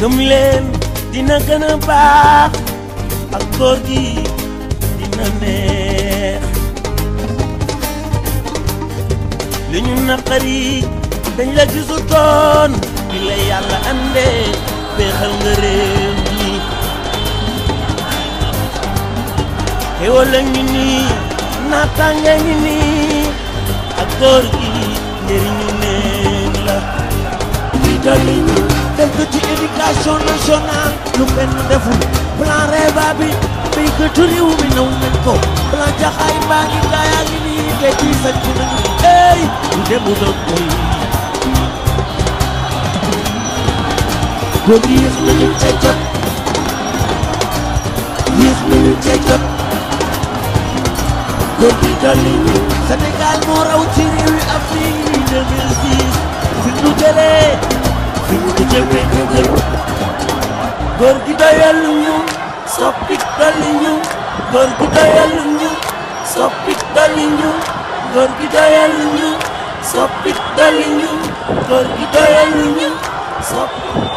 gëm dina gën baax ak góor gi dina neex li ñu naqari dañ la gisutoon bi la yàlla andee béexal nga réew mi xéwal a ngi nii naataange ngi nii ak góor gi njëriñu neen la éducation nationale lu kenn deful plan REVA bi béykatu réew mi naw nañ ko plan jaxaay mbaa ngi gaayaa ngi nii te ci sañ ci nañu ey du demu doon koy góor gi yéex nañu cee jot yéex nañu cee jot góor gi dal Sénégal moo jëme jógal góor gi doyal ñu soppik dali ñu góor gi doyal ñu soppik dali ñu góor gi doyal ñu soppik dali ñu góor gi doyal ñu soppik